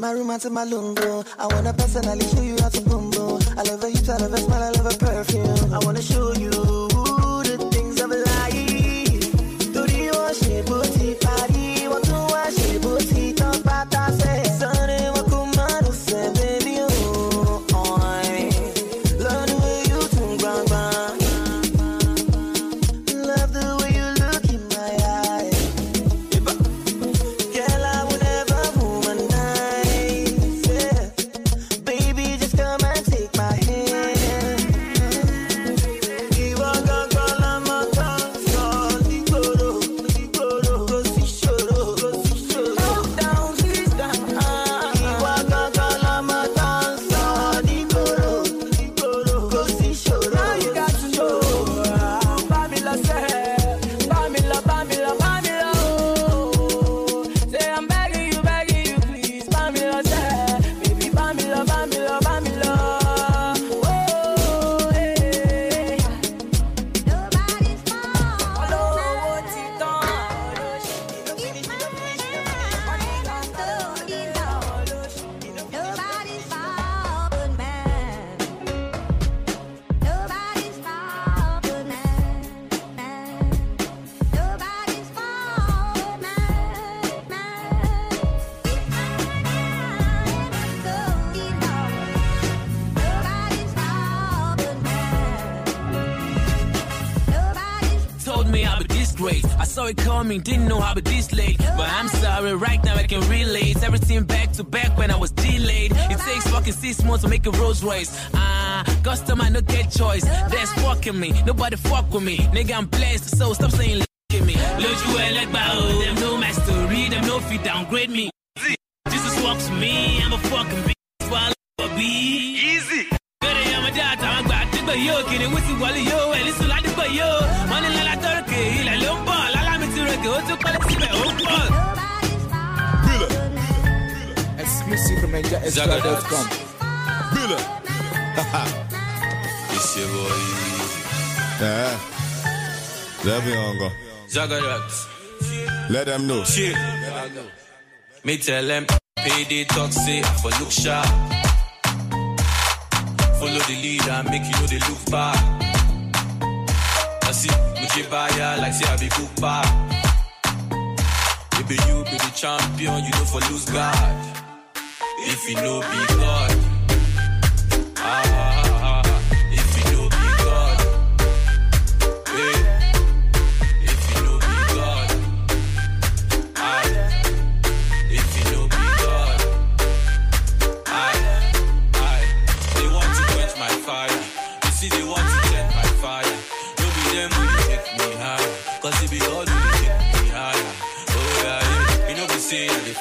my room and to my lungo. I wanna personally show you how to boom boom. I love a you, I love a smile, I love a perfume. I wanna show you. it coming, didn't know how it this late. But I'm sorry, right now I can relate. Everything back to back when I was delayed. It takes fucking six months to make a Rolls Royce. Ah, uh, custom, I no get choice. That's fucking me, nobody fuck with me. Nigga, I'm blessed, so stop saying at me. Lójú ẹlẹ́gbàá o, them know my story, them no fit downgrade me. Let them know. Let them know. Me tell them, pay the toxic for look sharp. Follow the leader, make you know they look back. I see, like say I be you be the champion, you don't for lose God. If you know be God. Ah.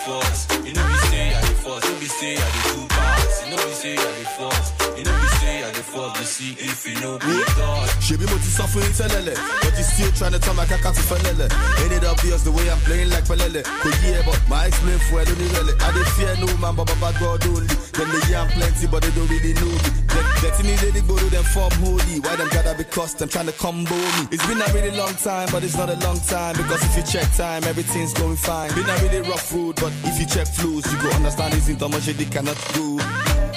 force. if you know me God. She be multi suffering telele, but you still trying to turn my caca to felele. Ain't it obvious the way I'm playing like felele? Could yeah, but my explain for it only really. I do not fear no man, but bad God only. Then they yam plenty, but they don't really know me. Getting me let it go to them form holy. Why them gotta be cussed? I'm trying to combo me. It's been a really long time, but it's not a long time. Because if you check time, everything's going fine. Been a really rough road, but if you check flows, you go understand it's in much they cannot do.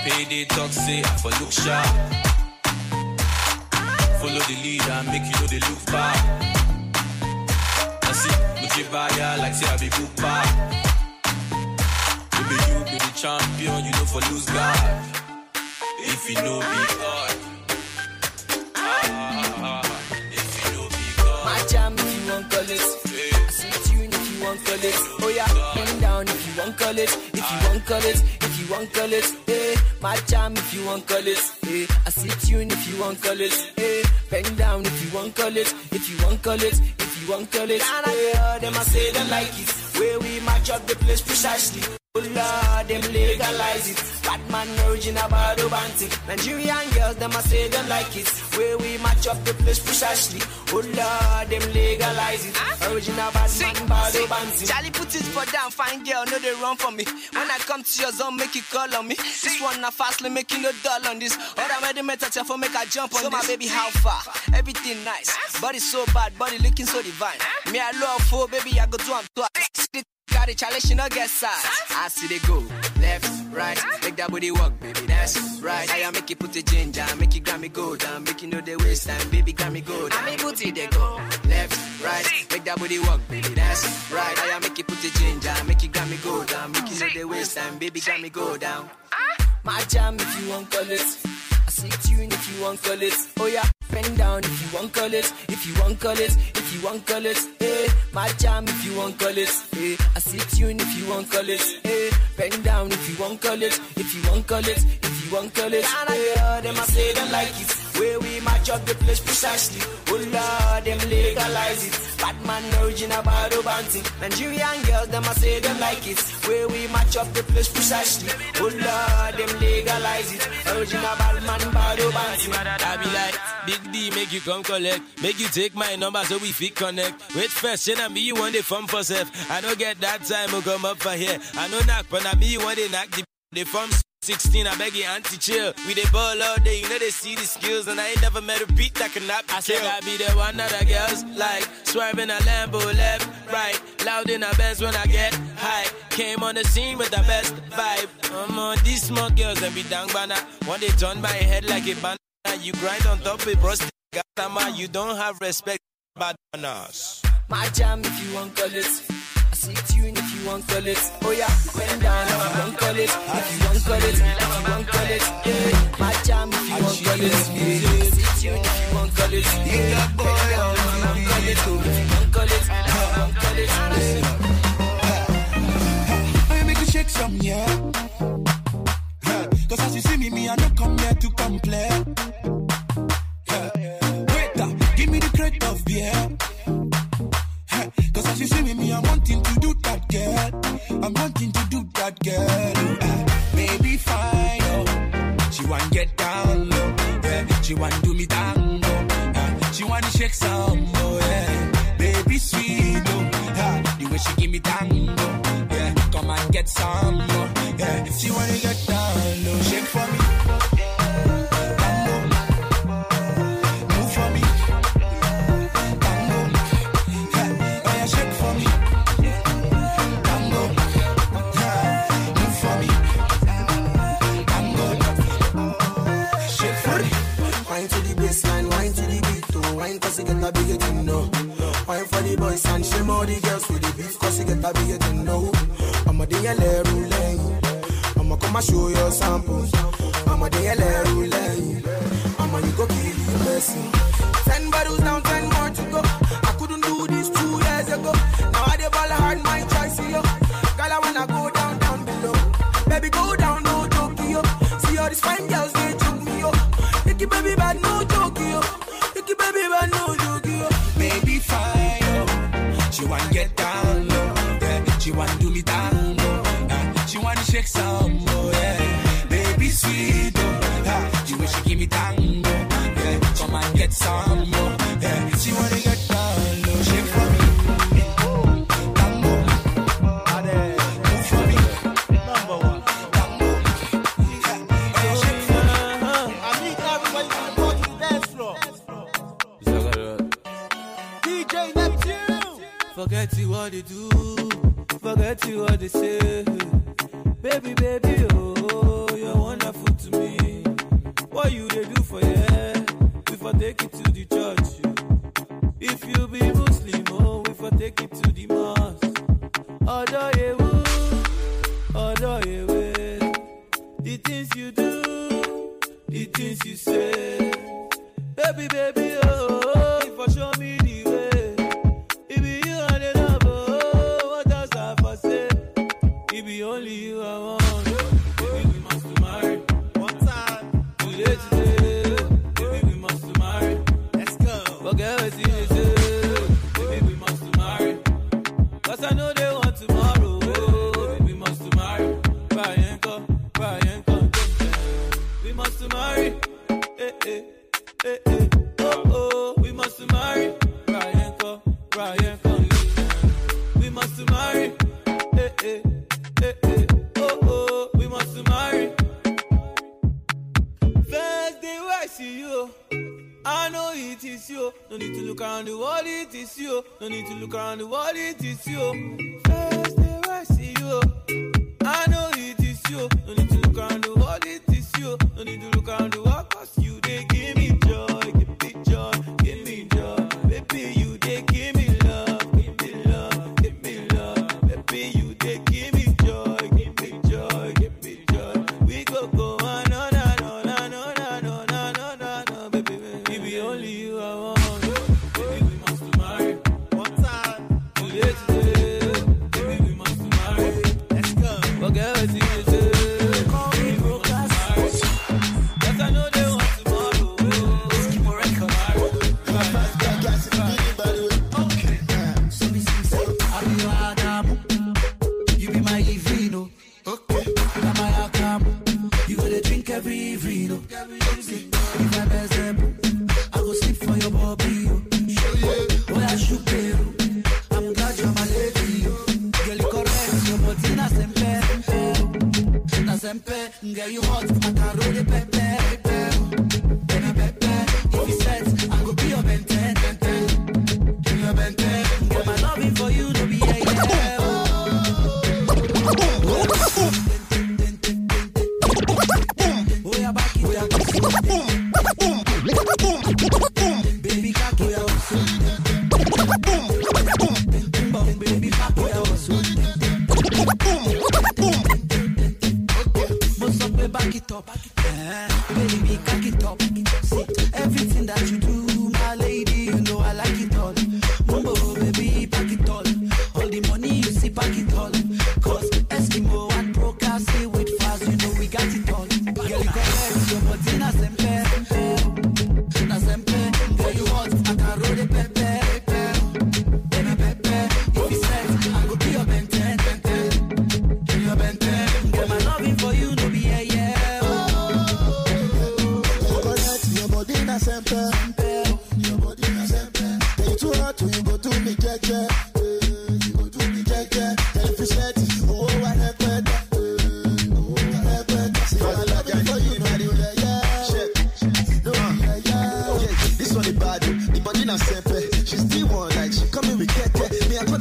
Pay the talk, for look sharp. Follow the lead and make you know they look back. I see, Muji Baya, like say I be book. back. Baby, you be the champion, you know for lose God. If you know be God. Ah, if you know be God. My jam if you want call it. Sweet tune if you want call it. Oh yeah, bend down if you want call it. If you ah. want call it. If want colors, eh. My charm if you want colors, eh. I sit tune if you want colors, eh. Bend down if you want colors, if you want colors, if you want colors. And I hear them, I say them like it. Where we match up the place precisely. Oh Lord, them legalize it. Batman original the banting. Nigerian girls, them I say them like it. Where we match up the place precisely. Oh Lord, them legalize it. Huh? Original Batman bottle banting. Charlie put his foot down, fine girl, no they run for me. When I come to your zone, make it call on me. This one not fastly making a doll on this. All I'm ready metal for make a jump on so my baby, how far? Everything nice. Body so bad, body looking so divine. Me I love for baby, I go do I'm twice got challenge, I see they go left, right, make that booty walk, baby, that's right. I am make you put the ginger, make you Grammy go down, make you know the waste time, baby, Grammy go down. I make booty they go left, right, make that booty walk, baby, that's right. I am make you put the ginger, make you Grammy go down, make you know the waste time, baby, Grammy go down. Ah. My jam if you want call it. Sweet tune if you want colors. Oh yeah, bend down if you want colors. If you want colors, if you want colors. hey, my jam if you want colors. hey, I see tune if you want colors. hey, bend down if you want colors. If you want colors, if you want colors. Eh, them I say them like it. Where we match up the place precisely. Oh Lord, them legalize it. Bad man original bottle Nigerian girls, them I say them like it. Where we match up the place precisely. Oh Lord, them legalize it. Original bad man bottle bounty. I be like, Big D, make you come collect. Make you take my number so we fit connect. Which first, shit, and me you want the fun for self. I don't get that time, we oh, come up for here. I know knock, but I me you want the knock the, the forms. 16, I beg your auntie chill. We they ball all day, you know they see the skills, and I ain't never met a beat that cannot be I said I be the one that the girls like. Swerving a Lambo left, right. Loud in a Benz when I get high. Came on the scene with the best vibe. I'm on these small girls and be but banana. One they turn my head like a banana. You grind on top of rusty gatama. You don't have respect, bananas. My jam if you want call it. I see tune if you want call it, oh yeah, bend down if you want call it, if you want call it, if you want call it, yeah, my jam if you want call it, yeah, sit tuned if you want call it, yeah, bend down if you want call it, if you want call it, if you want call it, yeah. I make you shake some, yeah. Cause as you see me, me, I don't come here to complain. Yeah. Waiter, give me the crate of beer. shake some, oh yeah. Baby sweet, oh, ha. The way she give me tango, yeah. Come and get some, more, oh, yeah. If she wanna get down, oh, shake for me. Forget you what they do, forget you what they say. Baby, baby, oh, you're wonderful to me. What you they do for yeah? before for take it to the church. If you be Muslim, oh, if I take it to the mosque. Although you, although you, the things you do, the things you say, baby, baby.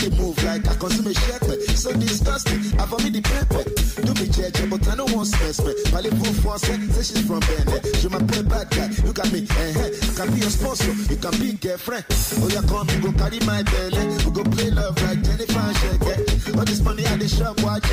they move like I consume a shepherd. So disgusting. I vomit the paper. Do me judge, but enhancement. Parlez pour français, say she's from Benin. Je m'appelle bad guy, look at me, eh, eh. You can be a sponsor, you can be girlfriend. Oh, yeah, come, you go carry my belly. You go play love like Jennifer and Shaggy. All this money at the shop, watch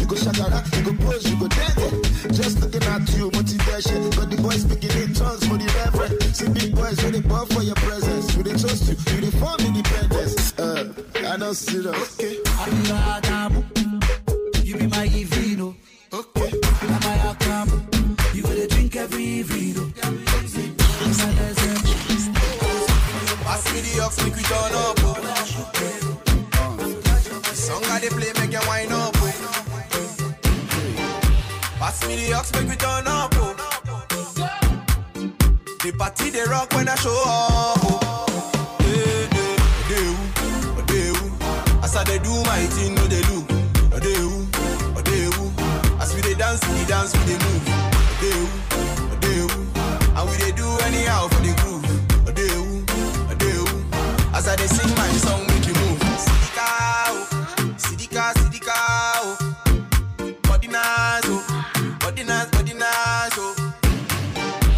You go shagara, you go pose, you go dance. Just looking at you, motivation. Got the boys speaking in tongues for the reverend. See big boys, when they born for your presence. When they trust you, you they form independence. Uh, I know serious. Okay. I'm not You be my Ivino. Okay vivido. Pass me the ox, make we turn up. The Song I they play, make you wind up. Pass me the ox, make we turn up. The party they rock when I show up. Yeah, yeah, they do, they do. As I they do my thing. As I they sing my song, make you move. Sidika, oh. Sidika, Sidika, oh. Body nice, oh. Body nice, body nice, oh.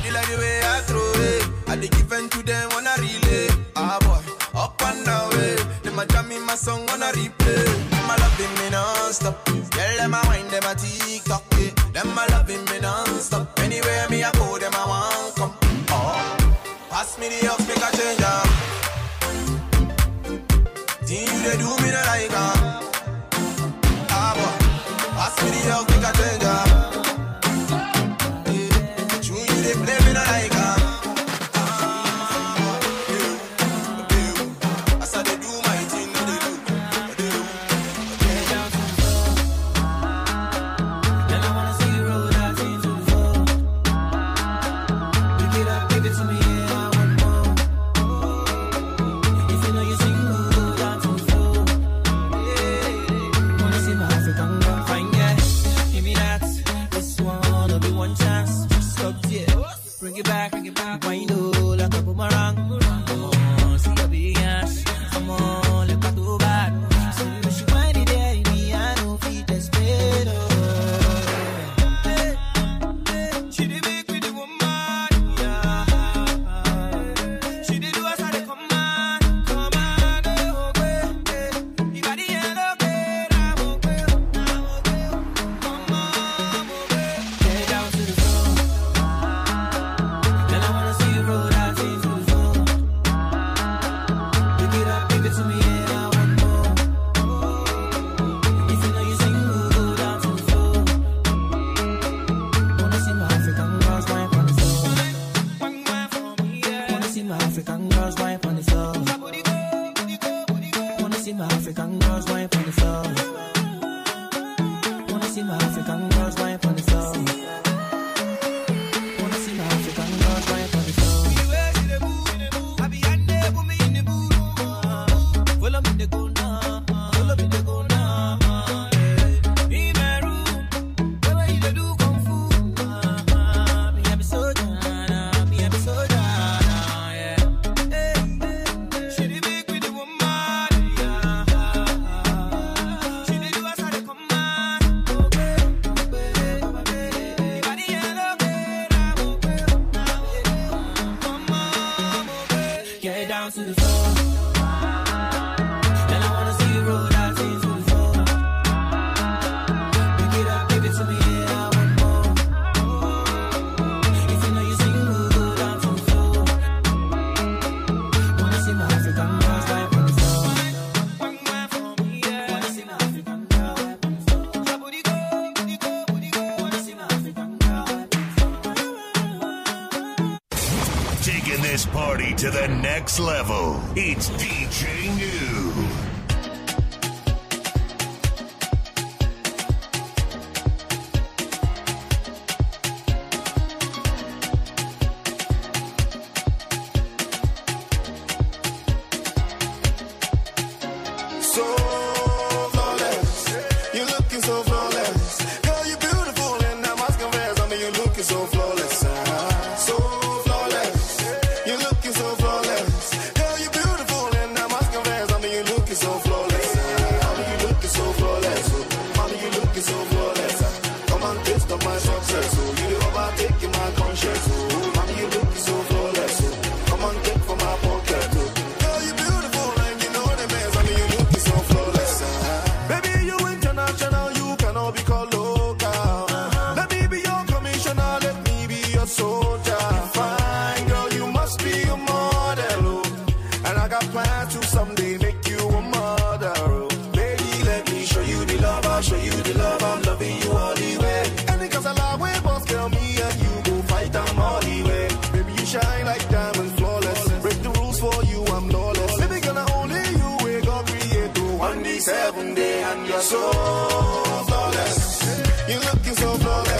They like the way I throw it. Eh. I they give to them on a relay. Ah, boy. Up and down, eh. They my jam in my song on a replay. My loving me non-stop. Girl, them a wine, them my TikTok, eh. Them my loving me non-stop. Anywhere me I go, them a want come. Oh. Pass me the up. they do me no like her. Uh. you're so flawless. You're looking so flawless.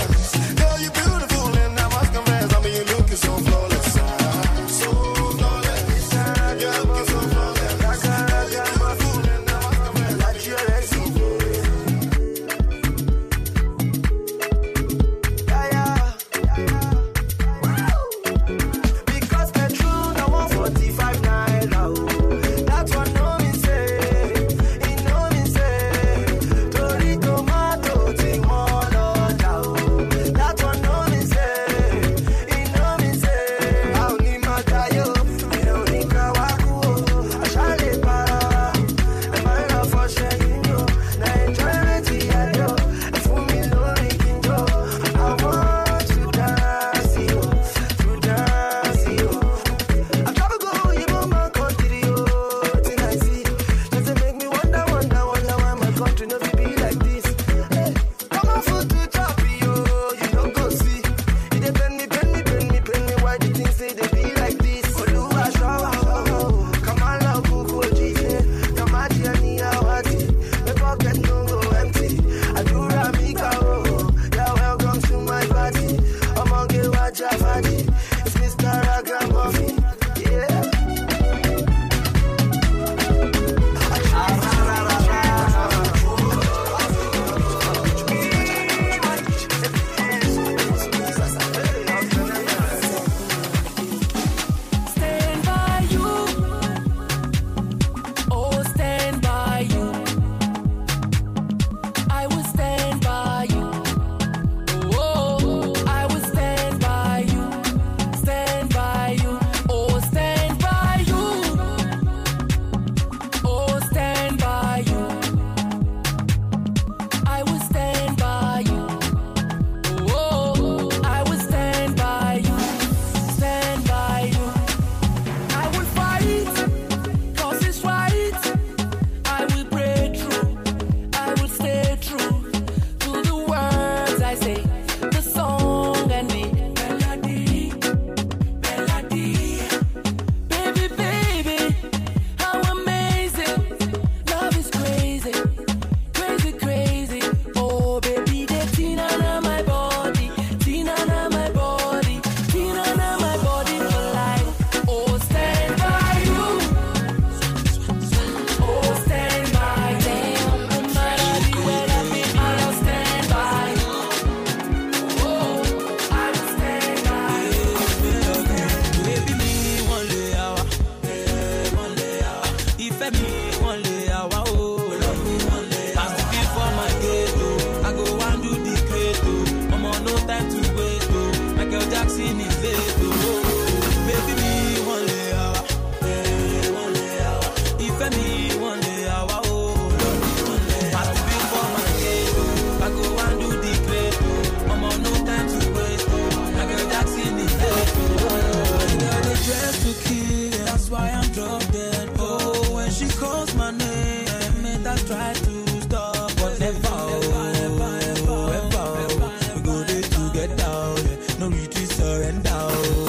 surrender.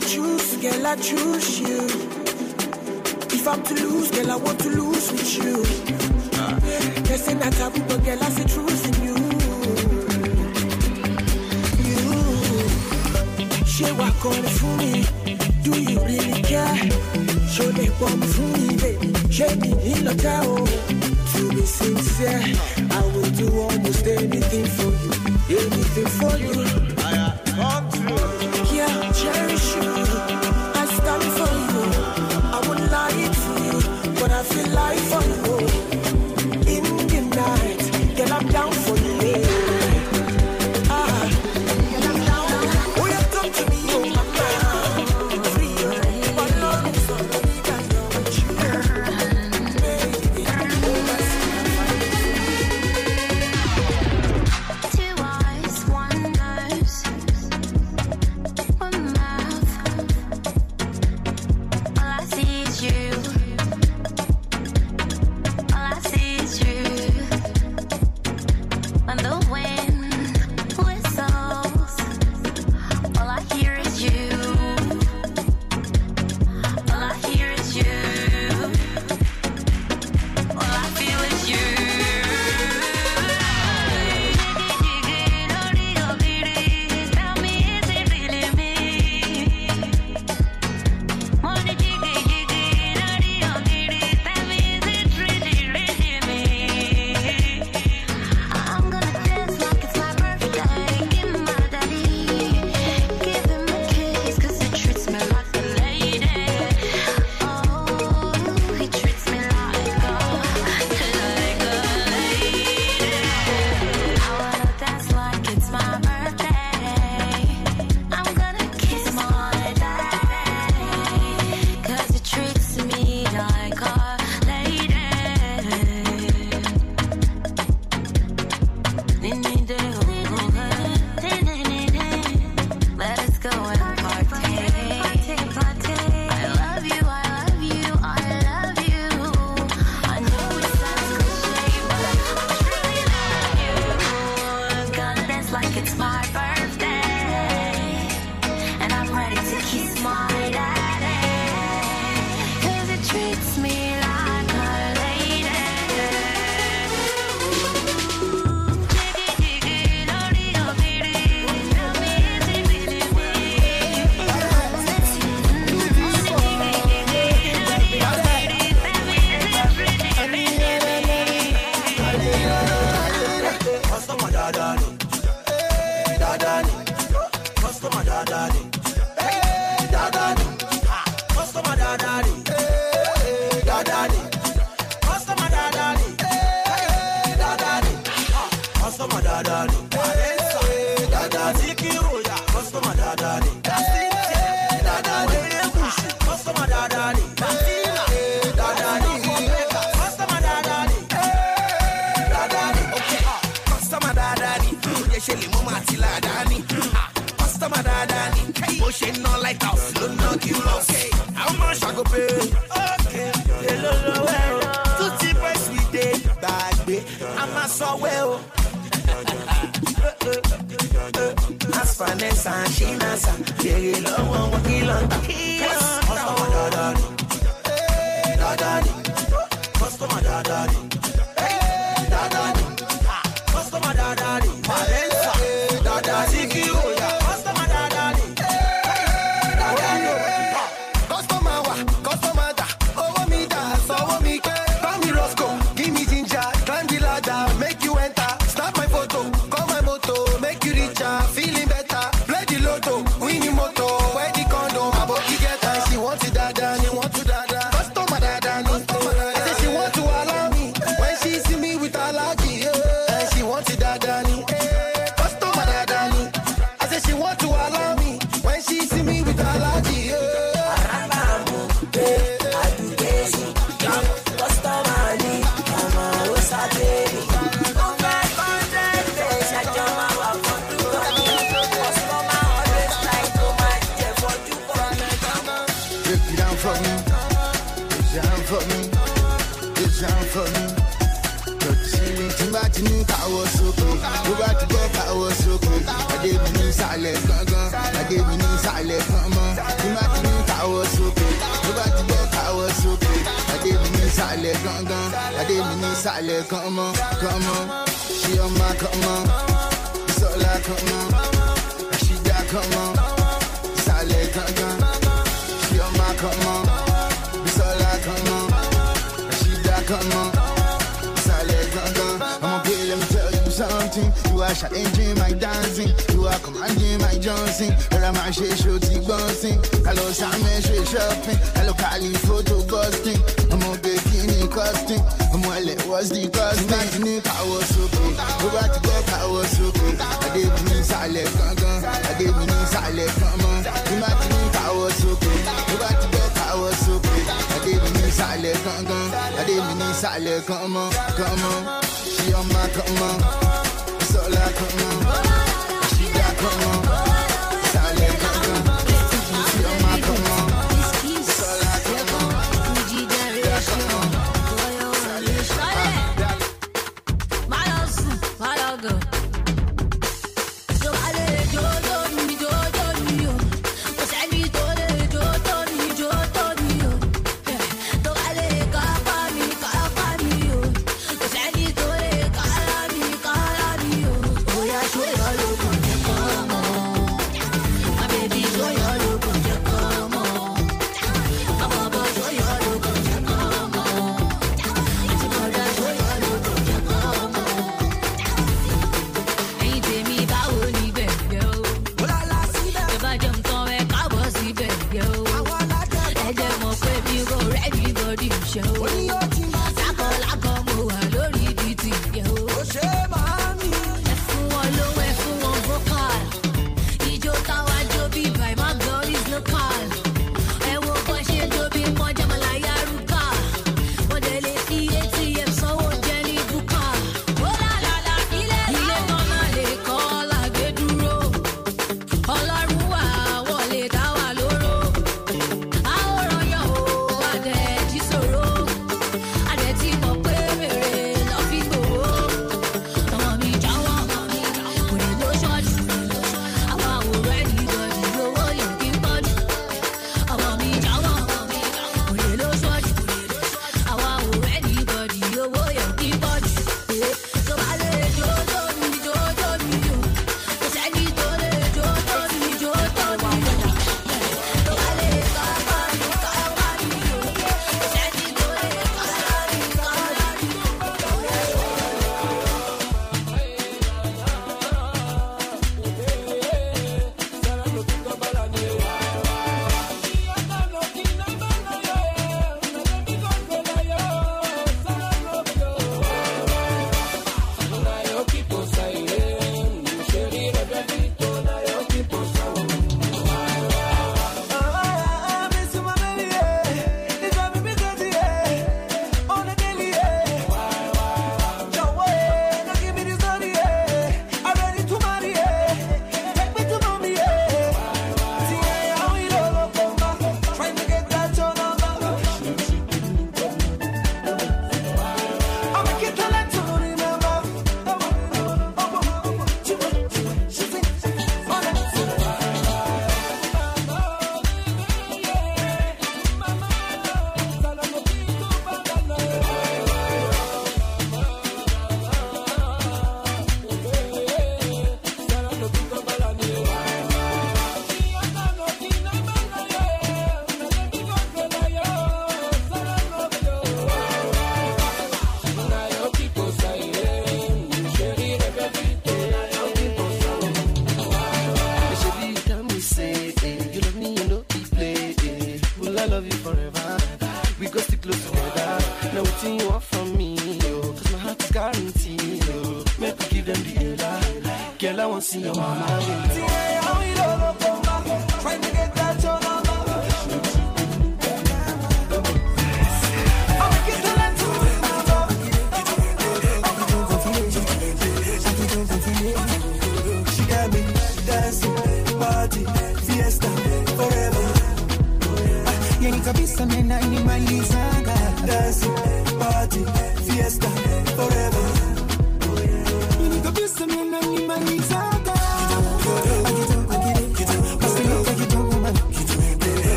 to choose, girl, I choose you. If I'm to lose, girl, I want to lose with you. Uh. They say not taboo, but girl, I see truth in you. You. She walk on for me. Do you really care? Show they want for me, baby. Shake me in the towel. To be sincere, I will do almost anything for you. Anything for you. Martinique, I was so cool. Go back to Bob, I was so cool. I did me new salad, gun gun. I did me new salad, come on. To Martinique, I was so cool. Go back to Bob, I was so cool. I did me new salad, gun gun. I did me new salad, come on, come on. She on my come on. Sola, come on. She got come on. Salad, gun gun. She on my come on. Sola, come on. She got come on. You are challenging my dancing. You are commanding my dancing. Where am I? She shooting bouncing. Hello, Sam, she shopping. Hello, Cali, photo busting. I'm a bikini costing. I'm well, it was the costing. Back in it, I was okay. Go back to work, I was okay. I did me silent, gun I did me silent, come on. You might think I was okay. Go back to work, I was okay. I did me silent, gun I did me silent, come on, come on. She on my, come on like a man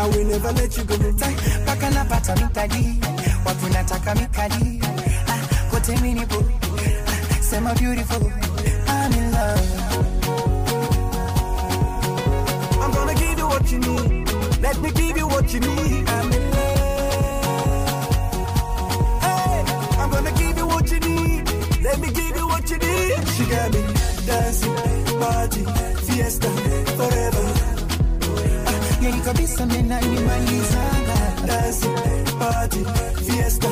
I will never let you go. Mpaka napata mikadi, watu nataka mikadi. Ah, kote minipo, ah, sema beautiful, I'm in love. I'm gonna give you what you need. Let me give you what you need. I'm in love. Hey, I'm gonna give you what you need. Let me give you what you need. She got me dancing, party, fiesta, forever. You're Kweli kabisa mimi na nimalizaga Dance, party, fiesta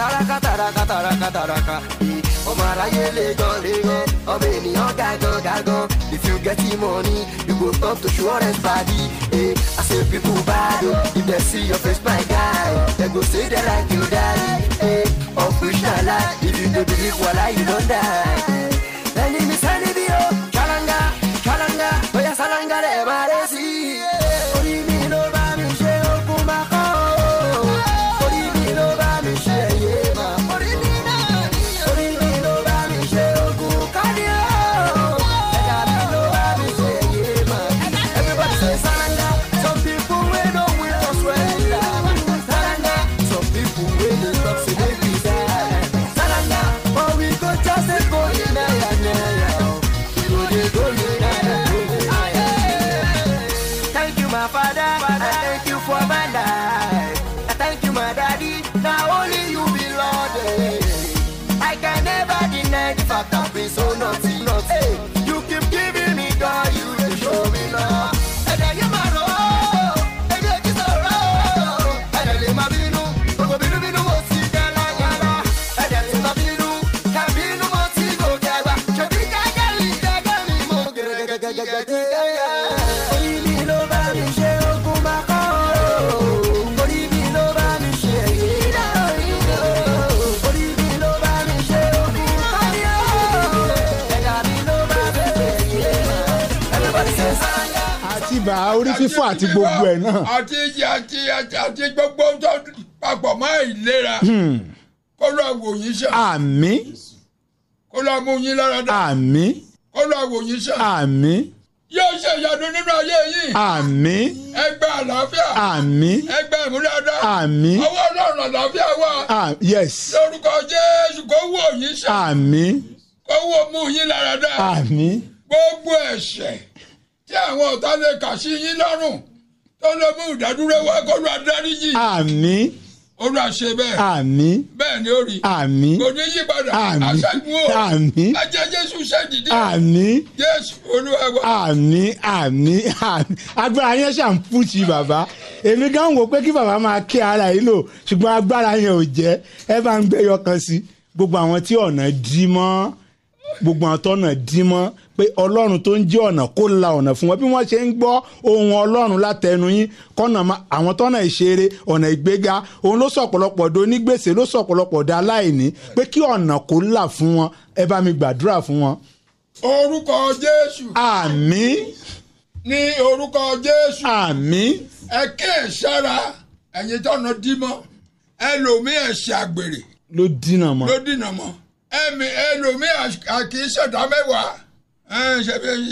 taraka taraka taraka taraka. ọmọ aráyé lè gan lè gan ọmọ ènìyàn gàgán gàgán. if you get money you go talk to surest party. Eh, I say people bad o oh. if dem see your face my guy dem go say dem like you die. Eh, of which na lie if you dey believe you don die. fífọ́ àti gbogbo ẹ̀ náà. àti àti àti gbogbo tó papọ̀ mọ́ ìlera hmm. kó lọ wò yín sàn. àmín. kó lọ mú yín lára dá. àmín. kó lọ wò yín sàn. àmín yóò ṣe ìyanu nínú ayé yìí. àmín. ẹgbẹ́ àlàáfíà. àmín. ẹgbẹ́ ìmúlẹ̀dá. àmín. ọwọ́ ọlọ́run àlàáfíà wà. yes. lórúkọ jésù kó wò yín sàn. àmín. kó wò mú yín lára dá. àmín. gbogbo ẹ̀ṣẹ̀ tí àwọn ọ̀tá lè kà sí yín lọ́rùn tó lè mú ìdádúró wá kó lu adáríjì. àmín. Olúwa ṣe bẹ́ẹ̀. àmín. bẹ́ẹ̀ ni ó rí. àmín. kò ní yí padà. àmín. aṣẹ́gun o. àmín. ajẹ́ Jésù ṣèdìdí. àmín. Jésù Olúwa wa. àmín àmín àmín agbára yẹn ṣàn púùtì bàbá èmi gan wò pé kí bàbá máa kí ara yìí lò ṣùgbọ́n agbára yẹn ò jẹ́ ẹ bá ń gbé yọkan sí gbogbo àwọn tí ọ̀nà dí mọ́ gbogbo àtọ́nà dímọ́ pé ọlọ́run tó ń jẹ́ ọ̀nà kó la ọ̀nà fún wọn bí wọ́n ṣe ń gbọ́ ohun ọlọ́run látẹnu yín kọ́nà àwọn tọ́nà ìṣeré ọ̀nà ìgbéga òun ló sọ do onígbèsè ló sọ ọ̀pọ̀lọpọ̀ aláìní pé kí ọ̀nà kó là fún wọn ẹ bá mi gbàdúrà fún wọn. orúkọ jésù. àmín. ní orúkọ jésù. àmín. ẹ kíyèsára ẹ̀yin tọ́nà dímọ́ ẹlòmíì ẹ̀ṣẹ̀ àgbèrè. ló ló dínà mọ́ ẹmí ẹlòmíì àkì í ṣẹ̀dá mẹ́wàá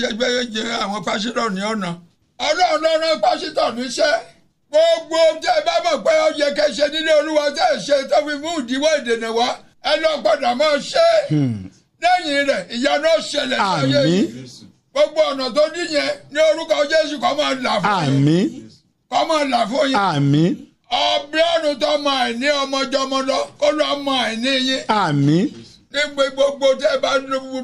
ṣẹgbẹ́ àwọn pásítọ̀ ní ọ̀nà ọlọ́run ló rán pásítọ̀ gbogbo tẹ bá mọ̀ pé ó yẹ nílé olúwa tẹ́ ṣe tó fi mú ìdíwọ́ ìdènà wá ẹ lọ gbọ́dọ̀ máa ṣe hmm. lẹ́yìn rẹ̀ ìyanu ṣẹlẹ̀ sáyé yìí gbogbo ọ̀nà tó dí ní orúkọ jésù kó máa là fún yín kó máa là fún yín ọbẹ̀ ọ̀nù tó máa ní ọmọjọmọ kó lọ́ọ́ máa ní yín ní gbogbo tẹ́ bá gbogbo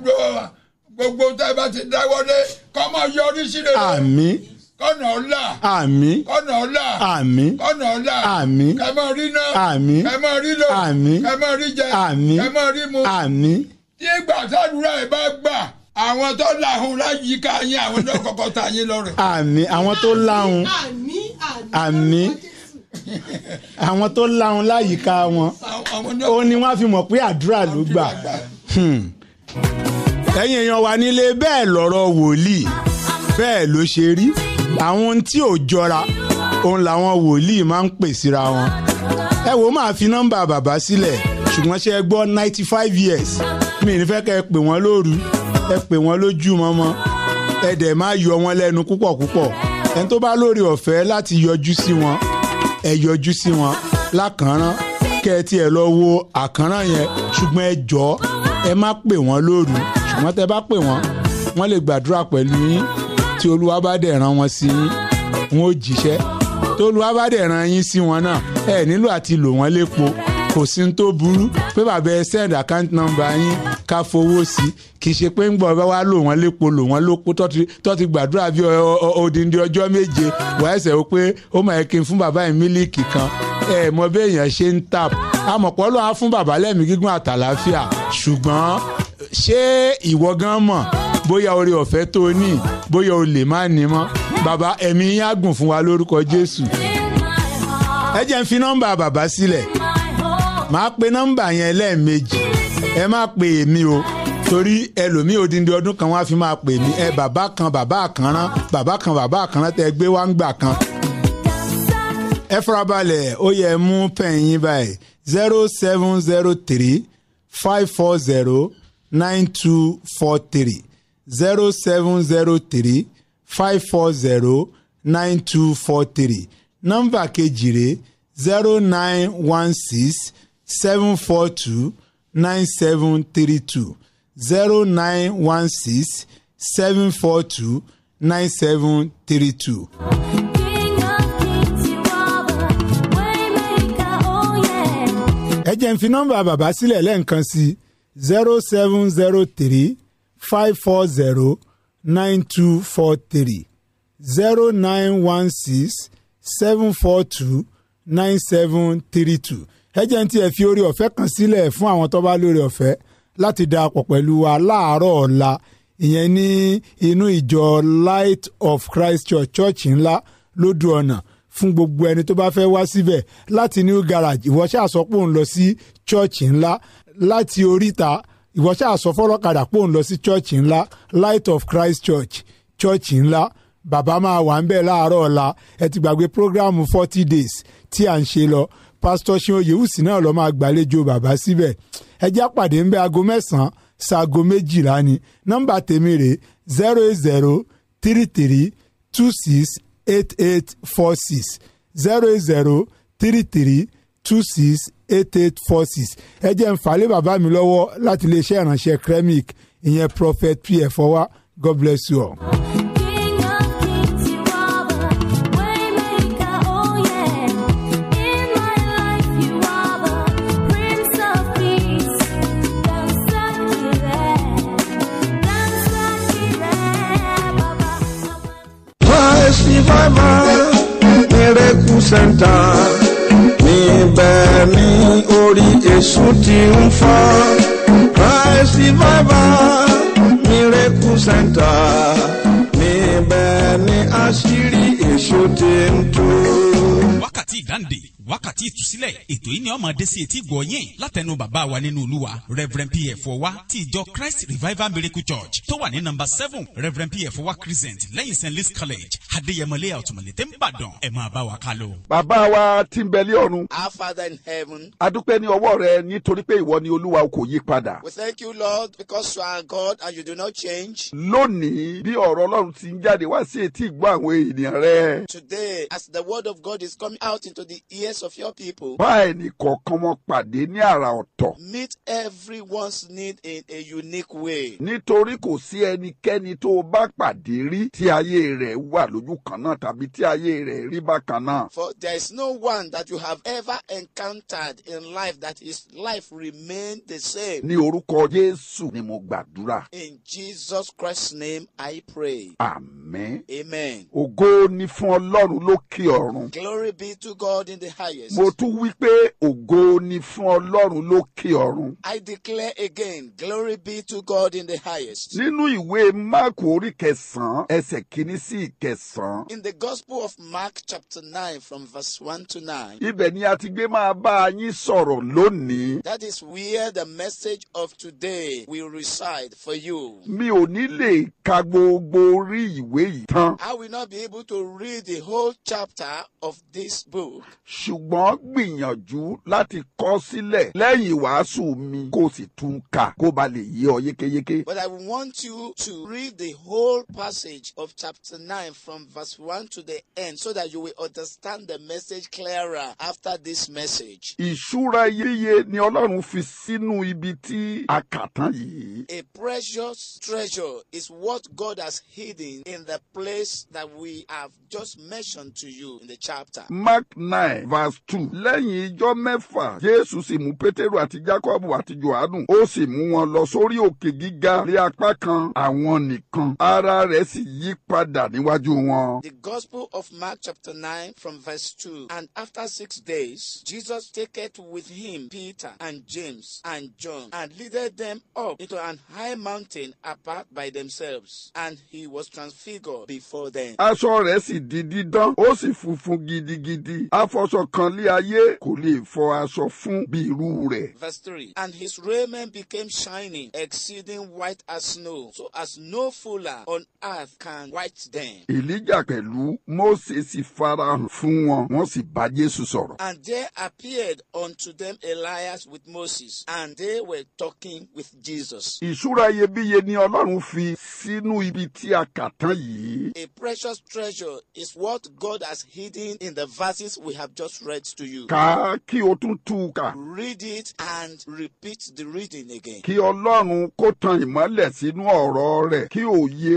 gbogbo tẹ́ bá ti dáwọ́lé kọ́mọ yọrí sí rere. àmín kọ́nà ọ̀la. àmín. kọ́nà ọ̀la. àmín. kọ́nà ọ̀la. àmín. kẹ́ mọ rí ná. àmín. kẹ́ mọ rí lò. àmín. kẹ́ mọ rí jẹ. àmín. kẹ́ mọ rí mu. àmín. tí ìgbà sádùúrà ẹ̀ bá gbà àwọn tó láhùn láyìí ká yín àwọn tó kọ́kọ́ ta yín lọ́rẹ̀. àmín àwọn tó láhùn. àmín àmín àmín àwọn tó láwọn láyìíká wọn ó ní wọ́n fi mọ̀ pé àdúrà ló gbà hmm. ẹ̀yin èèyàn wà nílé bẹ́ẹ̀ lọ́rọ̀ wòlíì bẹ́ẹ̀ ló ṣe rí àwọn ohun tí ò jọra òun làwọn wòlíì máa ń pè síra wọn ẹ wò máa fi nọ́mbà bàbá sílẹ̀ ṣùgbọ́n ṣe é gbọ́ ninety five years mi ní fẹ́ kẹ́ ẹ pè wọ́n lóru ẹ pè wọ́n lójú mọ́mọ́ ẹ dẹ̀ máa yọ wọn lẹ́nu púpọ̀ púpọ̀ ẹni tó bá lórí ọ̀fẹ́ láti yọjú sí wọn ẹ yọjú sí wọn lákànrán kẹ́ ẹ tiẹ̀ lọ wo àkànrán yẹn ṣùgbọ́n ẹ jọ̀ọ́ ẹ má pè wọ́n lóru ṣùgbọ́n tẹ́ bá pè wọ́n wọ́n lè gbàdúrà pẹ̀lú yín tí olúwa bá dẹ̀ rán wọn sí yín wọn ò jíṣẹ́ tó olúwa bá dẹ̀ rán yín sí wọn náà ẹ nílò àti lò wọ́n lépo kò sí tó burú pé bàbá ẹ send account number yín ká fowó sí kì í ṣe pé ń gbọ́ bá wá lò wọ́n lépo lò wọ́n lóko tó ti gbàdúrà bí odindi ọjọ́ méje wàá ẹsẹ̀ o pé ó máa kí n fún bàbá yín mílíìkì kan ẹ mọ bí èèyàn ṣe ń tap amọ̀pọ̀ ló wá fún bàbá lẹ́mìí gígùn àtàlàáfíà ṣùgbọ́n ṣé ìwọ gan mọ̀ bóyá oore ọ̀fẹ́ tó o ní bóyá o lè má ní mọ́ bàbá ẹ̀mí yín á gùn fún wa lórúkọ Jésù ẹ jẹ́ ń fi nọ́mbà bàbá sílẹ̀ màá pe nọ́mbà yẹn lẹ́ẹ̀mejì ẹ má pe èmi o torí ẹlòmíì odindi ọdún kan wá fi máa pè mí ẹ bàbá kan bàbá àkànrán bàbá kan bàbá àkànrán tẹ gbé wá ń gbà kan ẹ farabalẹ̀ ó yẹ mú pẹ̀yìn báyìí zero seven zero three five four zero nine two four three zero seven zero three five four zero nine two four three nọ́mbà kejì rèé zero nine one six seven four two nine seven three two zero nine one six seven four two nine seven three two. Oh ẹ jẹ́ ń fi nọ́mbà bàbá sílẹ̀ lẹ́ẹ̀kan sí zero seven zero three five four zero nine two four three zero nine one six seven four two nine seven three two ẹ jẹ́ ń tiẹ̀ fi oore ọ̀fẹ́ kan sílẹ̀ fún àwọn tó bá lóore ọ̀fẹ́ láti darapọ̀ pẹ̀lú wa láàárọ̀ ọ̀la ìyẹn ní inú ìjọ Light of Christ Church church ńlá lódù ọ̀nà fún gbogbo ẹni tó bá fẹ́ wá síbẹ̀ láti new garage ìwọ ṣáà sọ lọ sí church ńlá láti oríta ìwọ ṣáà sọ fọ́lọ́kadà lọ sí church ńlá Light of Christ Church church ńlá bàbá máa wà ń bẹ̀ láàárọ̀ ọ̀la ẹ ti gbàgbé programu forty days tí à ń ṣe lọ pásítọ̀ ṣé oyèwùsì náà lọ́ọ́ máa gbàlejò bàbá síbẹ̀ ẹjẹ́ àpàdé ń bẹ aago mẹ́sàn-án ṣaago méjìlá ni nọ́mbà tèmi rè zero eight zero three three two six eight eight four six zero eight zero three three two six eight eight four six ẹ jẹ́ n falẹ̀ bàbá mi lọ́wọ́ láti iléeṣẹ́ ìránṣẹ́ kremik ìyẹn prophet pf ọwá god bless you all. mama miracle center níbẹ̀ ní ori èṣù ti ń fọ́ christ revival miracle center níbẹ̀ ní àṣírí èṣù ti ń tú. wákàtí ìdáǹdè wákàtí àti ìtúsílẹ̀ ètò yìí ni ọmọ dé sí etí gbọ̀ yín látẹnu bàbá wa nínú olúwa reverend pf ọwa ti ìjọ christ revival miracle church tó wà ní number seven reverend pf ọwa crescent lẹ́yìn st louis college adéyẹmọlẹ́ àtùmọ̀lẹ́ tẹ́ ń bàdàn ẹ̀ máa bá wa ká lọ. bàbá wa tí ń bẹ ọ̀run. our father in heaven. a dúpẹ́ ní ọwọ́ rẹ nítorí pé ìwọ ni olúwa kò yí padà. we thank you lord because you are god and you do not change. lónìí bí ọ̀rọ̀ ọlọ́run ti ń jáde wá sí etí ìgbọ́ àwọn ènìyàn rẹ. today as the word of god is coming out into the ears of your your people. Bá ẹnì kọ̀ọ̀kan wọn pàdé ní àrà ọ̀tọ̀. Meet everyone's need in a unique way. Nítorí kò sí ẹnikẹ́ni tó o bá pàdé rí tí ayé rẹ̀ wà lójú kan náà tàbí tí ayé rẹ̀ rí bákan náà. For there is no one that you have ever encountered in life that his life remained the same. Ní orúkọ Jésù ni mo gbàdúrà. In Jesus Christ's name I pray. Amen àmín. amen. ògo ni fún ọlọ́run lókè ọ̀run. glory be to God in the highest. mo tún wí pé ògo ni fún ọlọ́run lókè ọ̀run. I declare again glory be to God in the highest. nínú ìwé máàkù orí kẹsàn-án ẹsẹ̀ kìíní sí ìkẹsàn-án. in the gospel of Mark chapter nine from verse one to nine. ibẹ̀ ni a ti gbé máa bá a yín sọ̀rọ̀ lónìí. that is where the message of today will reside for you. mi ò ní lè ka gbogbo orí ìwé yìí tán. I will not be able to read the whole chapter of this book. Ṣùgbọ́n gbìyànjú láti kọ sílẹ̀ lẹ́yìn wàásù mi kó o sì tún kà kó ba lè yé ọ yékéyéké. But I want you to read the whole passage of chapter nine from verse one to the end so that you will understand the message clearer after this message. Ìṣúra iyeye ni Ọlọ́run fi sínú ibi tí a kà tán yìí. A precious treasure is what God has hidden in the the place that we have just mentioned to you in the chapter. Mark nine verse two. Lẹ́yìn ijọ́ mẹ́fà, Jésù sì mú Pétérù àti Jákọ́bù àti Jòhánù. Ó sì mú wọn lọ sórí òkè gíga apá kan àwọn nìkan. Ara rẹ̀ sì yí padà níwájú wọn. The Gospel of Mark chapter nine from verse two. And after six days, Jesus taketh with him Peter and James and John and leadeth them up into an high mountain apart by themselves. And he was transfigured aṣọ rẹ̀ sì di dídán ó sì funfun gidigidi afọṣọ kan lé ayé kò lè fọ aṣọ fún bí irú rẹ̀. verse three and his raiment became shining exceeding white as snow so as no fuller on earth can white them. èlíjà pẹ̀lú mósè sì farahàn fún wọn wọ́n sì bá jésù sọ̀rọ̀. and there appeared unto them Elias with Moses and they were talking with Jesus. ìṣúra iyebíye ni ọlọ́run fi sínú ibi tí a kà tán yìí. A precious treasure is what God has hidden in the verses we have just read to you. Read it and repeat the reading again. Kí Ọlọ́run kó tan ìmọ́lẹ̀ sínú ọ̀rọ̀ rẹ̀ kí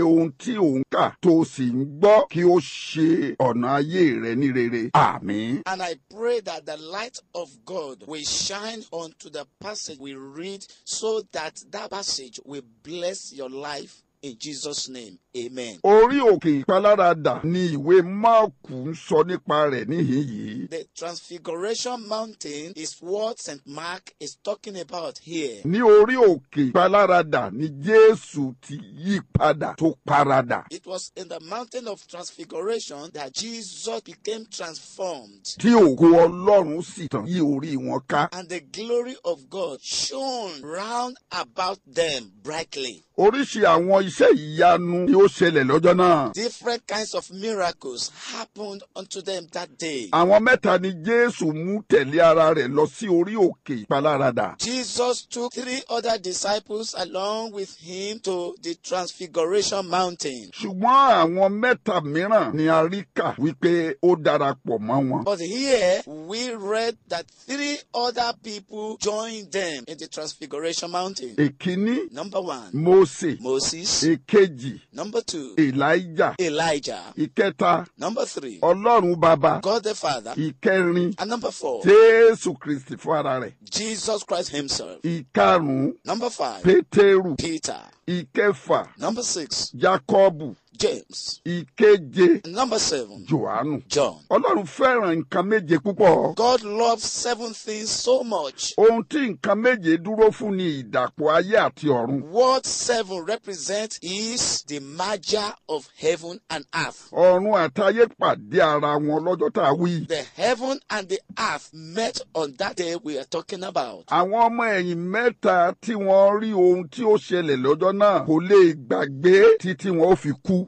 ohun tí ò ń kà tó sì ń gbọ́ kí ó ṣe ọ̀nà ayé rẹ̀ ní rere. And I pray that the light of God will shine onto the passage we read so that that passage will bless your life In Jesus name, amen. Orí òkè ìpaláradà ni ìwé Máàkù ń sọ nípa rẹ̀ níhìn yìí. The transfiguration mountain is what St. Mark is talking about here. Ní orí òkè ìpaláradà ni Jésù ti yí padà tó paradà. It was in the mountain of transfiguration that Jesus became transformed. Tí ògo Ọlọ́run sì tàn yí orí wọn ká. And the glory of God shone round about them brightly. Oríṣi àwọn iṣẹ́ ìyanu ni ó ṣẹlẹ̀ lọ́jọ́ náà. different kinds of miracles happened unto them that day. àwọn mẹ́ta ni Jésù mú tẹ̀lé ara rẹ̀ lọ sí orí òkè ìpalárada. Jesus took three other disciples along with him to the transfiguration mountain. ṣùgbọ́n àwọn mẹ́ta mìíràn ni a rí kà wípé ó darapọ̀ mọ́ wọn. but here we read that three other people joined them in the transfiguration mountain. èkíní. number one. Mose. Moses. Ìkejì. Number two. Elijah. Elijah. Ìkẹta. Number three. Ọlọ́run bàbá. God the Father. Ìkẹrin. And number four. Jésù Kristì fún ara rẹ̀. Jesus Christ himself. Ìkarùn-ún. Number five. Pétérù. Peter. Ìkẹfà. Number six. Jacobu. James. Ìkeje. Number seven. Jòhánù. John. Ọlọ́run fẹ́ràn nǹkan méje púpọ̀. God loves seven things so much. Ohun tí nǹkan méje dúró fún ni ìdàpọ̀ ayé àti ọ̀run. What seven represent is the merger of heaven and earth. Ọ̀run àtayé pàdé ara wọn lọ́jọ́ tá a wí. The heaven and the earth met on that day we are talking about. Àwọn ọmọ ẹ̀yìn mẹ́ta tí wọ́n rí ohun tí ó ṣẹlẹ̀ lọ́jọ́ náà kò lè gbàgbé títí wọn ó fi kú.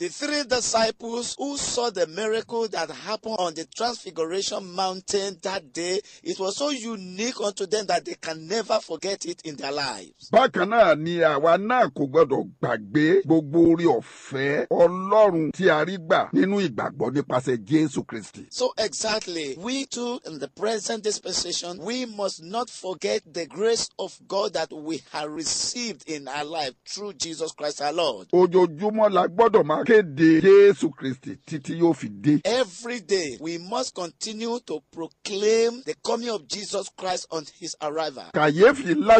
The three disciples who saw the miracle that happened on the Transfiguration Mountain that day, it was so unique unto them that they can never forget it in their lives. Bákan náà ni àwa náà kò gbọdọ̀ gbàgbé gbogbo orí ọ̀fẹ́ Ọlọ́run tí a rí gbà nínú ìgbàgbọ́ nípasẹ̀ Jésù Kristi. So exactly, we too in the present dispensation, we must not forget the grace of God that we have received in our life through Jesus Christ our Lord. Ojoojúmọ́ la gbọ́dọ̀ máa kéde Jésù Kristì títí yóò fi dé. Every day we must continue to proclaim the coming of Jesus Christ on his arrival. Kàyéfì ńlá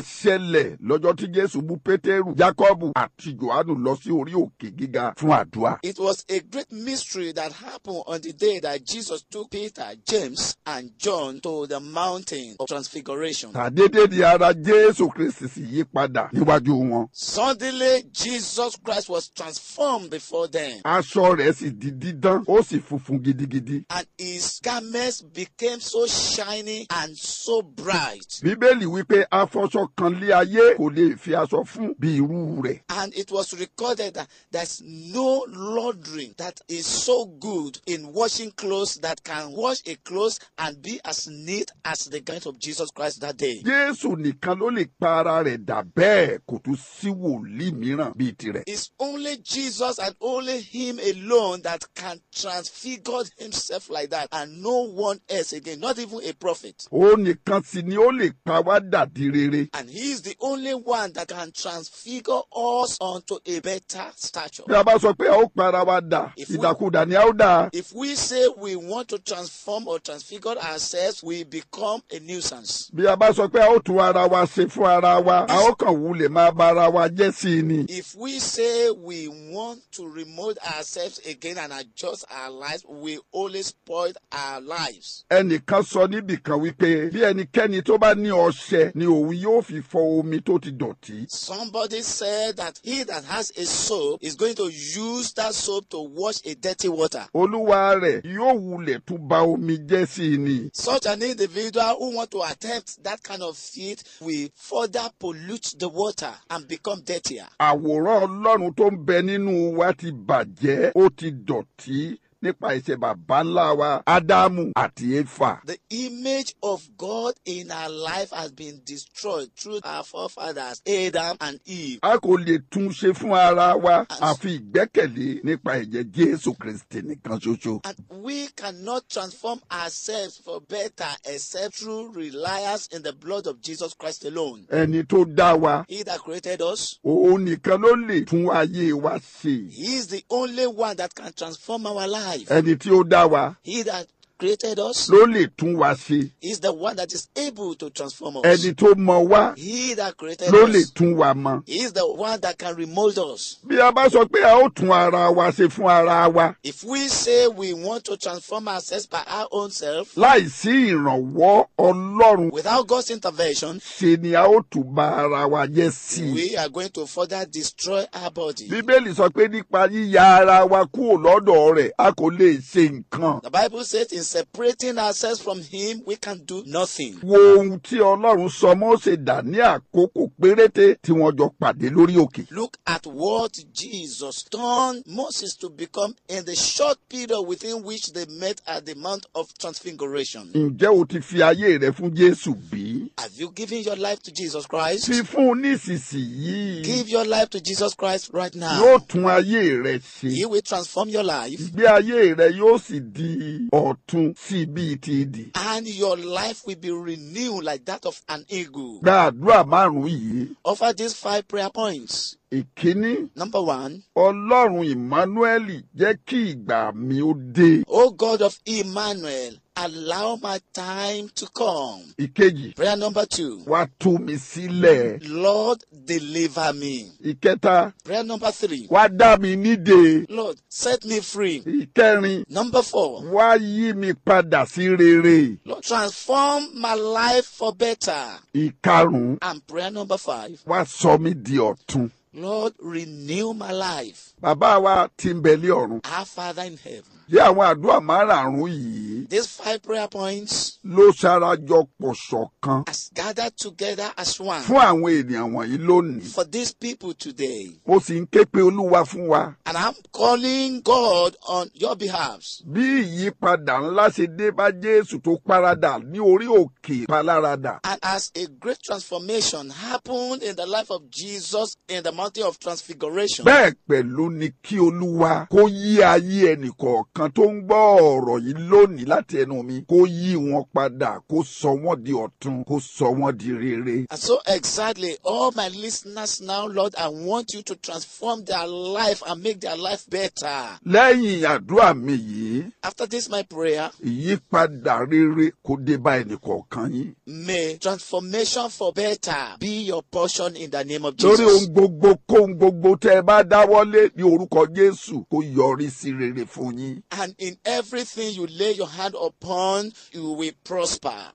lọ́jọ́ tí Jésù mú Pétérù, Jákọ́bù àti Jòhánù lọ sí orí òkè gíga fún àdúrà. It was a great mystery that happened on the day that Jesus took Peter, James and John to the mountain of transfiguration. Tàdédé ni ara Jésù Kristì sì yí padà níwájú wọn. Suddenly Jesus Christ was transformed before them them. aṣọ rẹ̀ sì di dídán ó sì funfun gidigidi. and his garments became so shiny and so bright. bíbélì wípé afọṣọ kan lé ayé kò lè fi aṣọ fún bí irú rẹ̀. and it was recorded that there is no laundry that is so good in washing clothes that can wash a clothes and be as neat as the garment of Jesus Christ that day. Jésù nìkan ló lè pa ara rẹ̀ dà bẹ́ẹ̀ kò tún sí wòlíì mìíràn bíi tirẹ̀. It's only Jesus and only only Him alone that can transfigure Himself like that, and no one else again, not even a prophet. Ó nìkan sì ni ó lè pa wá dà rere. And He is the only one that can transfigure us unto a better stature. Bí a bá sọ pé a ó para wa dà, ìdàkudà ni a ó dà. If we say we want to transform or transfigure ourselves, we become a nuisance. Bí a bá sọ pé a ó tún ara wa ṣe fún ara wa, a ó kàn wulẹ̀ máa bà ara wa jẹ́ sí i ni. If we say we want to remove mold ourselves again and adjust our lives We only spoil our lives. ẹnìkan sọ níbìkan wípé bí ẹnikẹ́ni tó bá ní ọṣẹ ni òun yóò fi fọ omi tó ti dọ̀tí. somebody said that he that has a soap is going to use that soap to wash a dirty water. olúwa rẹ̀ yóò wulẹ̀ tún bà omi jẹ́ sí i ni. such an individual who want to attempt that kind of feat will further pollute the water and become dirtier. àwòrán ọlọ́run tó ń bẹ nínú wa ti bàjẹ́ ó ti dọ̀tí nípa ìṣe bàbá ńlá wa ádámù àti éfà. the image of God in our life has been destroyed through our forefathers Adam and Eve. a kò lè tún ṣe fún ara wa àfi ìgbẹ́kẹ̀lé nípa ẹ̀jẹ̀ jésù kristi nìkan ṣoṣo. and we cannot transform ourselves for better except through reliance in the blood of Jesus Christ alone. ẹni tó dá wa. he that created us. òun nìkan ló lè tún ayé wa ṣe. he is the only one that can transform our lives life. ẹni tí ó dá wa. he that created us. ló lè tún wa ṣe. he is the one that is able to transform us. ẹni tó mọ wa. he that created us. ló lè tún wa mọ. he is the one that can remold us. bí a bá sọ pé a ó tún ara wa ṣe fún ara wa. if we say we want to transform ourselves by our own self. láìsí ìrànwọ́ ọlọ́run. without God's intervention. ṣe ni a ó tún bà ara wa jẹ́ sí we are going to further destroy our body. bíbélì sọ pé nípa yíya ara wa kúrò lọ́dọ̀ rẹ̀ a kò lè ṣe nǹkan. the bible says in separating ourselves from him we can do nothing. wo ohun tí ọlọ́run sọ Mósè dà ní àkókò péréte tí wọ́n jọ pàdé lórí òkè. look at what Jesus turned Moses to become in the short period within which they met at the Mount of Transfiguration. ǹjẹ́ o ti fi ayé rẹ fún Jésù bí? have you given your life to Jesus Christ? fi fún un nísinsìnyí. give your life to Jesus Christ right now. yóò tún ayé rẹ ṣe. he will transform your life. gbé ayé rẹ yóò sì di ọ̀tun. CBTD. And your life will be renewed like that of an eagle. Gba àdúrà márùn-ún Offer these five prayer points. Ìkíní. Number one. Ọlọ́run Emmanuel jẹ́ kí ìgbà mi ó dé. O God of Emmanuel, allow my time to come. Ìkejì. Prayer number two. Wá tú mi sílẹ̀. Lord deliver me. Ìkẹta. Prayer number three. Wá dá mi nídè. Lord set me free. Ìkẹrin. Number four. Wá yí mi padà sí rere. Lord transform my life for better. Ìkarùn-ún. And prayer number five. Wá sọ mí di ọ̀tun. Lord, renew my life. Bàbá wa ọ̀run. Our Father in heaven. jẹ́ àwọn àdúrà márààrún yìí. these five prayer points. ló sarajọ pọ̀ as gathered together as one. fún àwọn ènìyàn wọ̀nyí lónìí. for these people today. mo sì ń ké pe olúwa fún wa. and i'm calling God on your behalf. bí ìyípadà ńlá ṣe dé bá jésù tó paradà ní orí òkè palarada. and as a great transformation happened in the life of Jesus in the mountain of transfiguration. bẹ́ẹ̀ pẹ̀lú ni kí olúwa kó yí ayé ẹnì kọ̀ọ̀kan kan tó ń gbọ́ ọ̀rọ̀ yìí lónìí láti ẹnu mi kó yí wọn padà kó sọ wọn di ọ̀tun kó sọ wọn di rere. So exactly all my listeners now Lord I want you to transform their life and make their life better. Lẹ́yìn àdúrà mi yìí. After this my prayer. Ìyípadà rere kó dé bá ẹnìkọ̀ọ̀kan yín. May transformation for better be your portion in the name of Jesus. Lórí ohun gbogbo kóhun gbogbo tẹ́ ẹ bá dáwọ́lé ní orúkọ Jésù kó yọrí sí rere fún yín. and in everything you lay your hand upon you will prosper.